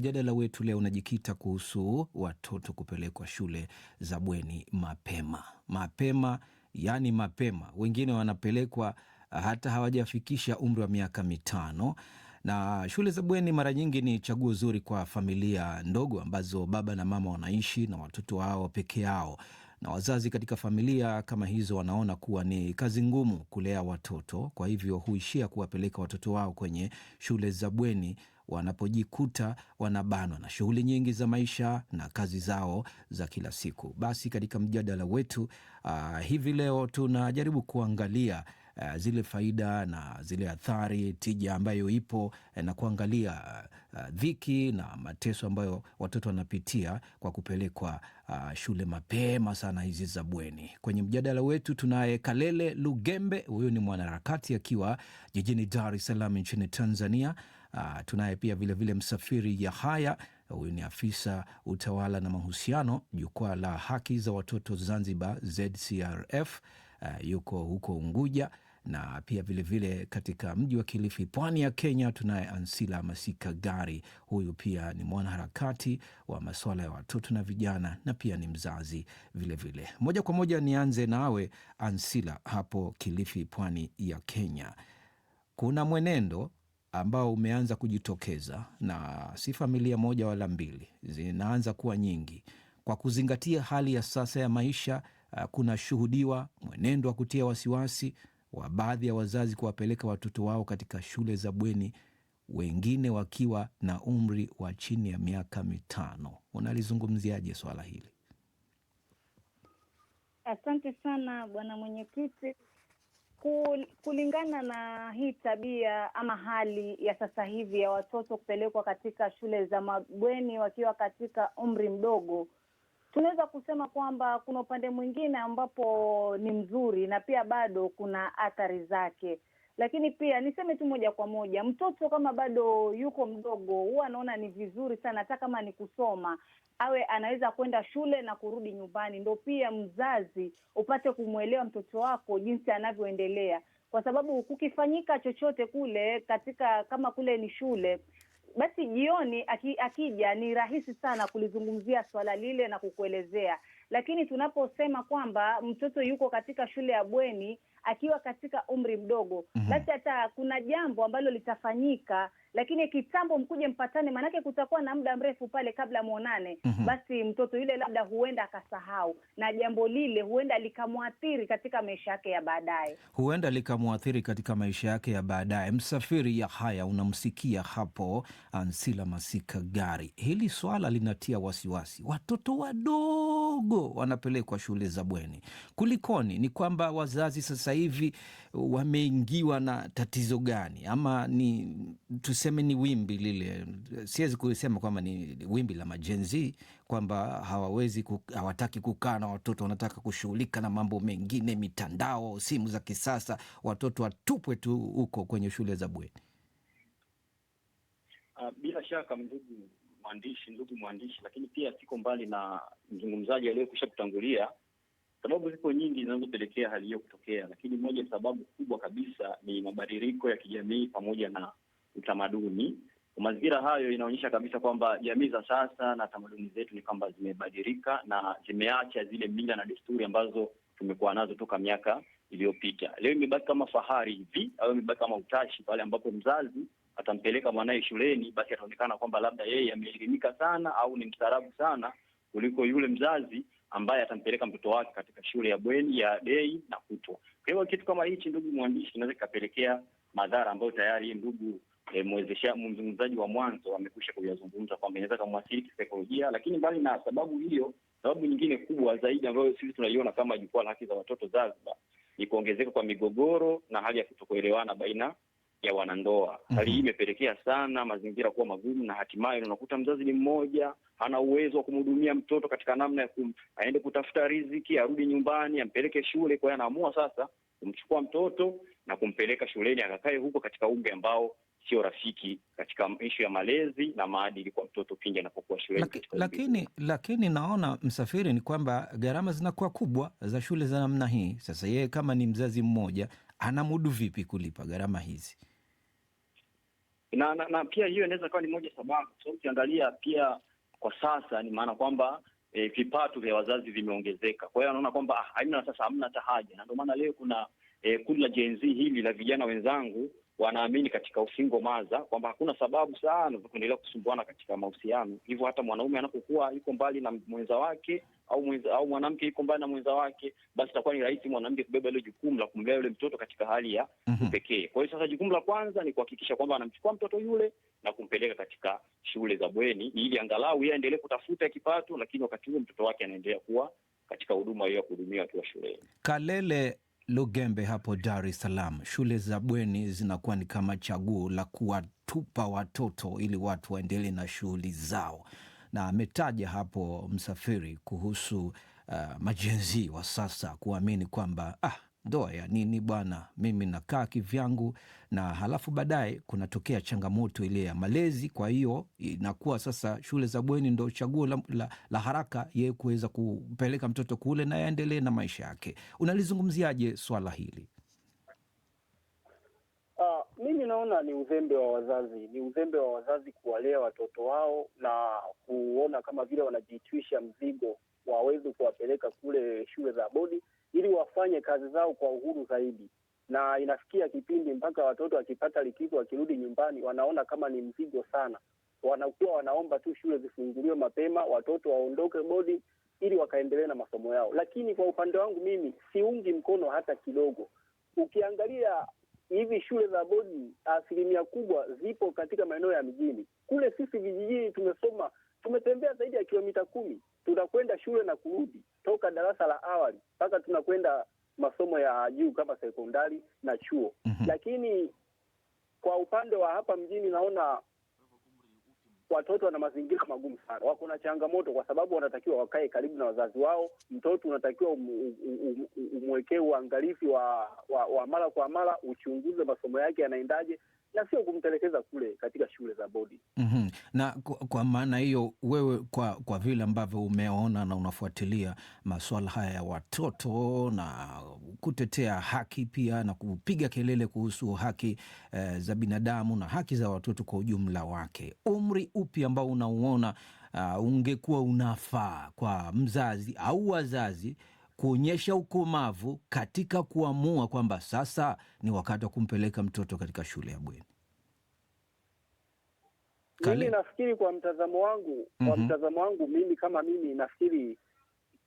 Mjadala wetu leo unajikita kuhusu watoto kupelekwa shule za bweni mapema mapema, yani mapema. Wengine wanapelekwa ah, hata hawajafikisha umri wa miaka mitano, na shule za bweni mara nyingi ni chaguo zuri kwa familia ndogo ambazo baba na mama wanaishi na watoto wao peke yao na wazazi katika familia kama hizo wanaona kuwa ni kazi ngumu kulea watoto, kwa hivyo huishia kuwapeleka watoto wao kwenye shule za bweni wanapojikuta wanabanwa na shughuli nyingi za maisha na kazi zao za kila siku. Basi katika mjadala wetu uh, hivi leo tunajaribu kuangalia uh, zile faida na zile athari, tija ambayo ipo eh, na kuangalia uh, dhiki na mateso ambayo watoto wanapitia kwa kupelekwa uh, shule mapema sana hizi za bweni. Kwenye mjadala wetu tunaye Kalele Lugembe, huyu ni mwanaharakati akiwa jijini Dar es Salaam nchini Tanzania. Uh, tunaye pia vilevile vile Msafiri Yahaya, huyu ni afisa utawala na mahusiano jukwaa la haki za watoto Zanzibar ZCRF, uh, ah, yuko huko Unguja na pia vilevile vile katika mji wa Kilifi, pwani ya Kenya, tunaye Ansila Masika Gari. Huyu pia ni mwanaharakati wa masuala ya watoto na vijana na pia ni mzazi vilevile vile. Moja kwa moja nianze nawe Ansila hapo Kilifi, pwani ya Kenya. Kuna mwenendo ambao umeanza kujitokeza na si familia moja wala mbili, zinaanza kuwa nyingi. Kwa kuzingatia hali ya sasa ya maisha, ah, kuna shuhudiwa mwenendo wa kutia wasiwasi wa baadhi ya wazazi kuwapeleka watoto wao katika shule za bweni, wengine wakiwa na umri wa chini ya miaka mitano. Unalizungumziaje swala hili? Asante sana bwana mwenyekiti. Kulingana na hii tabia ama hali ya sasa hivi ya watoto kupelekwa katika shule za mabweni wakiwa katika umri mdogo, tunaweza kusema kwamba kuna upande mwingine ambapo ni mzuri na pia bado kuna athari zake, lakini pia niseme tu moja kwa moja, mtoto kama bado yuko mdogo, huwa anaona ni vizuri sana, hata kama ni kusoma awe anaweza kwenda shule na kurudi nyumbani, ndo pia mzazi upate kumwelewa mtoto wako jinsi anavyoendelea, kwa sababu kukifanyika chochote kule katika kama kule ni shule basi jioni aki, akija ni rahisi sana kulizungumzia swala lile na kukuelezea. Lakini tunaposema kwamba mtoto yuko katika shule ya bweni, akiwa katika umri mdogo, mhm. basi mm -hmm. hata kuna jambo ambalo litafanyika, lakini kitambo mkuje mpatane, maanake kutakuwa na muda mrefu pale kabla mwonane mm -hmm. basi mtoto yule labda huenda akasahau, na jambo lile huenda likamwathiri katika maisha yake ya baadaye, huenda likamwathiri katika maisha yake ya baadaye. Msafiri ya haya unamsikia hapo Ansila Masika Gari, hili swala linatia wasiwasi watoto wadogo wadogo wanapelekwa shule za bweni. Kulikoni? Ni kwamba wazazi sasa hivi wameingiwa na tatizo gani? Ama ni tuseme ni wimbi lile, siwezi kusema kwamba ni wimbi la majenzi kwamba hawawezi hawataki kukaa na watoto, wanataka kushughulika na mambo mengine, mitandao, simu za kisasa, watoto watupwe tu huko kwenye shule za bweni. Ah, bila shaka mdugu mwandishi, ndugu mwandishi, lakini pia siko mbali na mzungumzaji aliyekwisha kutangulia. Sababu zipo nyingi zinazopelekea hali hiyo kutokea, lakini moja sababu kubwa kabisa ni mabadiliko ya kijamii pamoja na utamaduni. Mazingira hayo inaonyesha kabisa kwamba jamii za sasa na tamaduni zetu ni kwamba zimebadilika na zimeacha zile mila na desturi ambazo tumekuwa nazo toka miaka iliyopita. Leo imebaki kama fahari hivi au imebaki kama utashi, pale ambapo mzazi atampeleka mwanaye shuleni, basi ataonekana kwamba labda yeye ameelimika sana au ni mstaarabu sana kuliko yule mzazi ambaye atampeleka mtoto wake katika shule ya bweni ya dei na kutwa. Kwa hiyo kitu kama hichi, ndugu mwandishi, kinaweza kikapelekea madhara ambayo tayari ndugu e, mwezesha mzungumzaji wa mwanzo amekwisha kuyazungumza kwamba inaweza kamwathiri kisaikolojia, lakini mbali na sababu hiyo, sababu nyingine kubwa zaidi ambayo sisi tunaiona kama jukwaa la haki za watoto Zanzibar ni kuongezeka kwa migogoro na hali ya kutokuelewana baina ya wanandoa. Mhm. Hali mm -hmm. hii imepelekea sana mazingira kuwa magumu, na hatimaye unakuta mzazi ni mmoja, hana uwezo wa kumhudumia mtoto katika namna ya kum, aende kutafuta riziki, arudi nyumbani, ampeleke shule. Kwa hiyo anaamua sasa kumchukua mtoto na kumpeleka shuleni akakae huko katika umbe ambao sio rafiki katika ishu ya malezi na maadili kwa mtoto pindi anapokuwa shuleni. Laki, lakini, lakini naona Msafiri, ni kwamba gharama zinakuwa kubwa za shule za namna hii. Sasa yeye kama ni mzazi mmoja anamudu vipi kulipa gharama hizi? Na, na, na pia hiyo inaweza kuwa ni moja sababu, so, ukiangalia pia kwa sasa ni maana kwamba e, vipato vya wazazi vimeongezeka, kwa hiyo anaona kwamba ah, sasa hamna hata haja, na ndio maana leo kuna e, kundi la Gen hili la vijana wenzangu wanaamini katika ufingo maza kwamba hakuna sababu sana za kuendelea kusumbuana katika mahusiano. Hivyo hata mwanaume anapokuwa yuko mbali na mwenza wake au mwenza, au mwanamke yuko mbali na mwenza wake, basi itakuwa ni rahisi mwanamke kubeba ile jukumu la kumlea yule mtoto katika hali ya mm -hmm. pekee. Kwa hiyo sasa, jukumu la kwanza ni kuhakikisha kwamba anamchukua mtoto yule na kumpeleka katika shule za bweni, ili angalau yeye aendelee kutafuta kipato, lakini wakati huo mtoto wake anaendelea kuwa katika huduma hiyo ya kuhudumia akiwa shuleni. Kalele Lugembe hapo Dar es Salaam, shule za bweni zinakuwa ni kama chaguo la kuwatupa watoto ili watu waendelee na shughuli zao, na ametaja hapo Msafiri kuhusu uh, majenzi wa sasa kuamini kwamba ah, ndoa ya nini bwana, mimi nakaa kivyangu, na halafu baadaye kunatokea changamoto ile ya malezi. Kwa hiyo inakuwa sasa shule za bweni ndo chaguo la, la, la haraka yeye kuweza kupeleka mtoto kule na aendelee na maisha yake. Unalizungumziaje swala hili? Uh, mimi naona ni uzembe wa wazazi, ni uzembe wa wazazi kuwalea watoto wao na kuona kama vile wanajiitwisha mzigo waweze kuwapeleka kule shule za bodi ili wafanye kazi zao kwa uhuru zaidi, na inafikia kipindi mpaka watoto wakipata likizo wakirudi nyumbani wanaona kama ni mzigo sana, wanakuwa wanaomba tu shule zifunguliwe mapema, watoto waondoke bodi ili wakaendelee na masomo yao. Lakini kwa upande wangu mimi siungi mkono hata kidogo. Ukiangalia hivi shule za bodi asilimia kubwa zipo katika maeneo ya mijini. Kule sisi vijijini tumesoma, tumetembea zaidi ya kilomita kumi tunakwenda shule na kurudi toka darasa la awali mpaka tunakwenda masomo ya juu kama sekondari na chuo mm -hmm. Lakini kwa upande wa hapa mjini naona watoto wana mazingira magumu sana, wako na changamoto kwa sababu wanatakiwa wakae karibu na wazazi wao. Mtoto unatakiwa umwekee uangalifu wa, wa, wa mara kwa mara, uchunguze masomo yake yanaendaje, na sio kumtelekeza kule katika shule za bodi. mm -hmm. Na kwa, kwa maana hiyo wewe kwa, kwa vile ambavyo umeona na unafuatilia masuala haya ya watoto na kutetea haki pia na kupiga kelele kuhusu haki eh, za binadamu na haki za watoto kwa ujumla wake, umri upi ambao unauona uh, ungekuwa unafaa kwa mzazi au wazazi kuonyesha ukomavu katika kuamua kwamba sasa ni wakati wa kumpeleka mtoto katika shule ya bweni. Mimi nafikiri kwa mtazamo wangu, mm -hmm. kwa mhm. mtazamo wangu mimi kama mimi nafikiri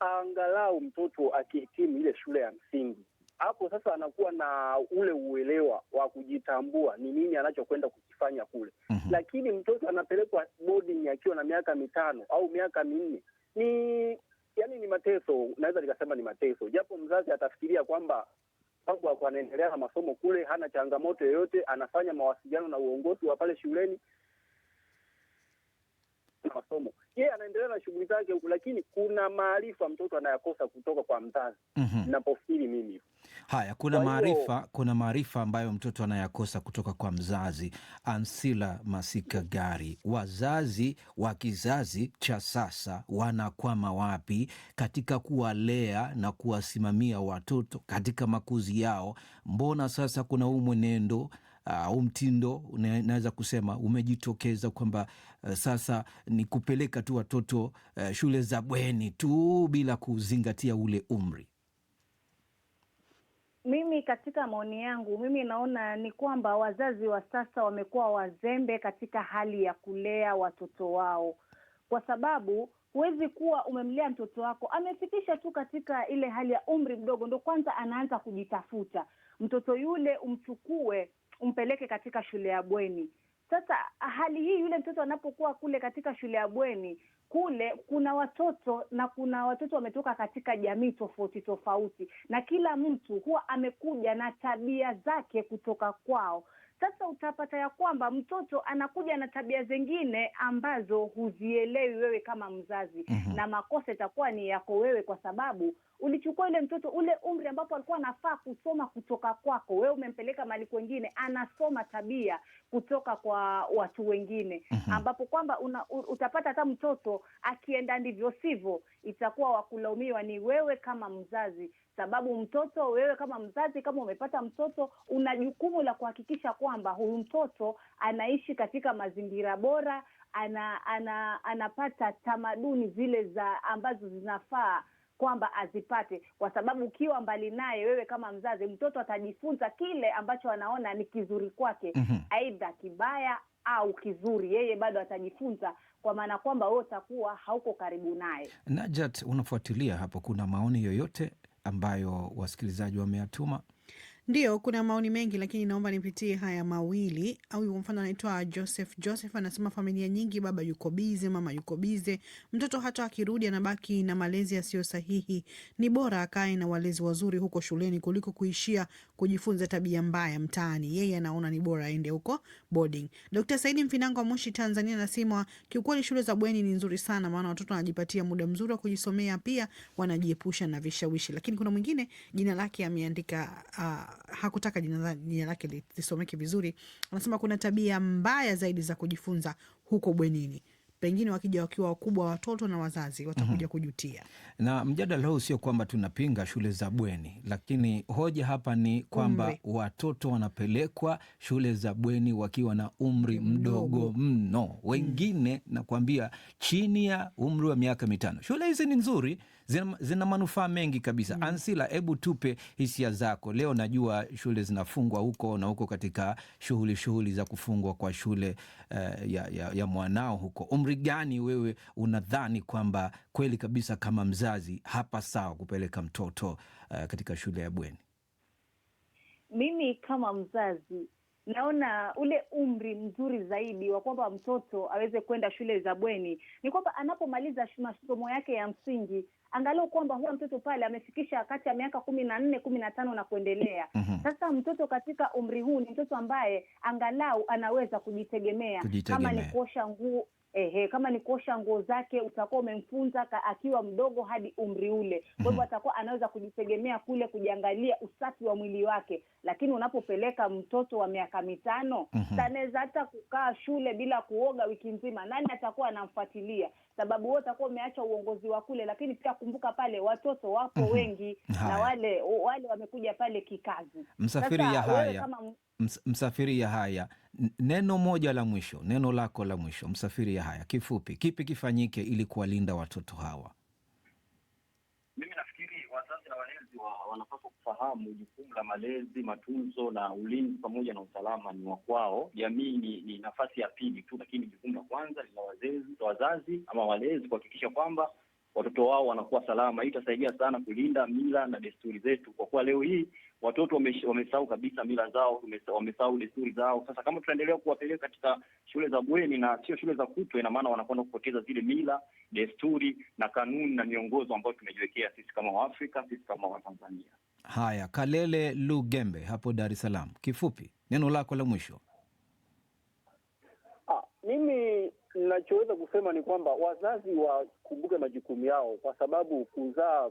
angalau mtoto akihitimu ile shule ya msingi, hapo sasa anakuwa na ule uelewa wa kujitambua ni nini anachokwenda kukifanya kule. mm -hmm. Lakini mtoto anapelekwa boarding akiwa na miaka mitano au miaka minne, ni yani ni mateso, naweza nikasema ni mateso, japo mzazi atafikiria kwamba anaendelea na masomo kule, hana changamoto yoyote, anafanya mawasiliano na uongozi wa pale shuleni, na masomo, yeye anaendelea na shughuli zake huku, lakini kuna maarifa mtoto anayakosa kutoka kwa mzazi. mm -hmm. Napofikiri mimi haya, kuna maarifa kuna maarifa ambayo mtoto anayakosa kutoka kwa mzazi. Ansila Masika Gari, wazazi wa kizazi cha sasa wanakwama wapi katika kuwalea na kuwasimamia watoto katika makuzi yao? Mbona sasa kuna huu mwenendo au ah, uh, mtindo unaweza kusema umejitokeza kwamba Eh, sasa ni kupeleka tu watoto eh, shule za bweni tu bila kuzingatia ule umri? Mimi katika maoni yangu, mimi naona ni kwamba wazazi wa sasa wamekuwa wazembe katika hali ya kulea watoto wao, kwa sababu huwezi kuwa umemlea mtoto wako amefikisha tu katika ile hali ya umri mdogo, ndo kwanza anaanza kujitafuta. Mtoto yule umchukue umpeleke katika shule ya bweni, sasa hali hii, yule mtoto anapokuwa kule katika shule ya bweni kule kuna watoto na kuna watoto wametoka katika jamii tofauti tofauti, na kila mtu huwa amekuja na tabia zake kutoka kwao. Sasa utapata ya kwamba mtoto anakuja na tabia zingine ambazo huzielewi wewe kama mzazi, mm -hmm. na makosa itakuwa ni yako wewe, kwa sababu ulichukua yule mtoto ule umri ambapo alikuwa anafaa kusoma kutoka kwako, wewe umempeleka mali kwengine, anasoma tabia kutoka kwa watu wengine mm -hmm. ambapo kwamba una, utapata hata mtoto akienda ndivyo sivyo, itakuwa wakulaumiwa ni wewe kama mzazi, sababu mtoto, wewe kama mzazi, kama umepata mtoto, una jukumu la kuhakikisha kwamba huyu mtoto anaishi katika mazingira bora, ana, ana, anapata tamaduni zile za ambazo zinafaa kwamba azipate, kwa sababu ukiwa mbali naye, wewe kama mzazi, mtoto atajifunza kile ambacho anaona ni kizuri kwake, mm -hmm. aidha kibaya au kizuri, yeye bado atajifunza kwa maana kwamba wewe utakuwa hauko karibu naye. Najat, unafuatilia hapo, kuna maoni yoyote ambayo wasikilizaji wameyatuma? Ndio, kuna maoni mengi lakini naomba nipitie haya mawili. Au kwa mfano, anaitwa Joseph. Joseph anasema familia nyingi, baba yuko bize, mama yuko bize, mtoto hata akirudi anabaki na malezi yasiyo sahihi. Ni bora akae na walezi wazuri huko shuleni kuliko kuishia kujifunza tabia mbaya mtaani. Yeye anaona ni bora aende huko boarding. Dr. Saidi Mfinango wa Moshi, Tanzania anasema kiukweli shule za bweni ni nzuri sana, maana watoto wanajipatia muda mzuri wa kujisomea, pia wanajiepusha na vishawishi. Lakini kuna mwingine jina lake ameandika uh, hakutaka jina, lake lisomeke vizuri. Anasema kuna tabia mbaya zaidi za kujifunza huko bwenini pengine wakija wakiwa wakubwa watoto na wazazi watakuja mm -hmm. kujutia. Na mjadala huu sio kwamba tunapinga shule za bweni, lakini hoja hapa ni kwamba umri, watoto wanapelekwa shule za bweni wakiwa na umri mdogo, mdogo mno, mm. wengine mm, nakwambia chini ya umri wa miaka mitano. Shule hizi ni nzuri zina, zina manufaa mengi kabisa mm. Ansila, hebu tupe hisia zako leo. Najua shule zinafungwa huko na huko katika shughuli shughuli za kufungwa kwa shule uh, ya, ya, ya mwanao huko, umri gani wewe unadhani kwamba kweli kabisa kama mzazi hapa sawa kupeleka mtoto uh, katika shule ya bweni? Mimi kama mzazi naona ule umri mzuri zaidi wa kwamba mtoto aweze kwenda shule za bweni ni kwamba anapomaliza masomo yake ya msingi angalau kwamba huwa mtoto pale amefikisha kati ya miaka kumi na nne kumi na tano na kuendelea. mm -hmm. Sasa mtoto katika umri huu ni mtoto ambaye angalau anaweza kujitegemea, kama ni kuosha nguo ehe, kama ni kuosha nguo zake utakuwa umemfunza akiwa mdogo hadi umri ule. Kwa hivyo mhm. atakuwa anaweza kujitegemea kule, kujiangalia usafi wa mwili wake, lakini unapopeleka mtoto wa miaka mitano mm hata kukaa shule bila kuoga wiki nzima, nani atakuwa anamfuatilia? Sababu wewe utakuwa umeacha uongozi wa kule, lakini pia kumbuka pale watoto wapo mhm. wengi Hai. na wale wale wamekuja pale kikazi. Msafiri Sasa, ya haya, kama... Msafiri ya haya neno moja la mwisho, neno lako la mwisho, Msafiri haya kifupi, kipi kifanyike ili kuwalinda watoto hawa? Mimi nafikiri wazazi na walezi wa, wanapaswa kufahamu jukumu la malezi, matunzo na ulinzi pamoja na usalama ni wa kwao. Jamii ni, ni nafasi ya pili tu, lakini jukumu la kwanza ni la wazazi ama walezi kuhakikisha kwamba watoto wao wanakuwa salama. Hii itasaidia sana kulinda mila na desturi zetu, kwa kuwa leo hii watoto wamesahau kabisa mila zao, wamesahau desturi zao. Sasa kama tutaendelea kuwapeleka katika shule za bweni na sio shule za kutwa, ina maana wanakwenda kupoteza zile mila, desturi na kanuni na miongozo ambayo tumejiwekea sisi kama Waafrika, sisi kama Watanzania. Haya, Kalele Lugembe hapo Dar es Salaam, kifupi neno lako la mwisho. Ah, mimi Ninachoweza kusema ni kwamba wazazi wakumbuke majukumu yao, kwa sababu kuzaa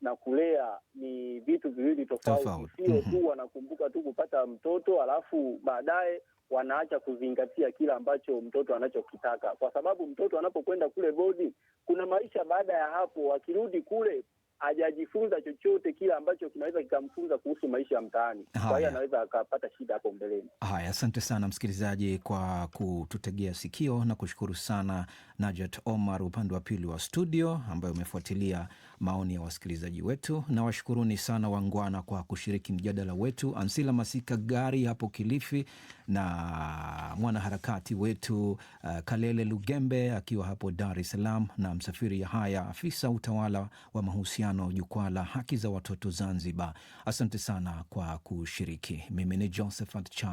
na kulea ni vitu viwili tofauti. Sio mm -hmm. tu mm-hmm. wanakumbuka tu kupata mtoto alafu baadaye wanaacha kuzingatia kile ambacho mtoto anachokitaka, kwa sababu mtoto anapokwenda kule bodi, kuna maisha baada ya hapo. Wakirudi kule hajajifunza chochote kile ambacho kinaweza kikamfunza kuhusu maisha ya mtaani. Kwa hiyo anaweza akapata shida hapo mbeleni. Haya, asante sana msikilizaji kwa kututegea sikio na kushukuru sana Najat Omar upande wa pili wa studio, ambayo umefuatilia maoni ya wasikilizaji wetu, na washukuruni sana wangwana kwa kushiriki mjadala wetu, Ansila Masika Gari hapo Kilifi na mwanaharakati wetu uh, Kalele Lugembe akiwa hapo Dar es Salaam na Msafiri Yahaya, afisa utawala wa mahusiano mahojiano jukwaa la haki za watoto Zanzibar. Asante sana kwa kushiriki. Mimi ni Josephat Cha.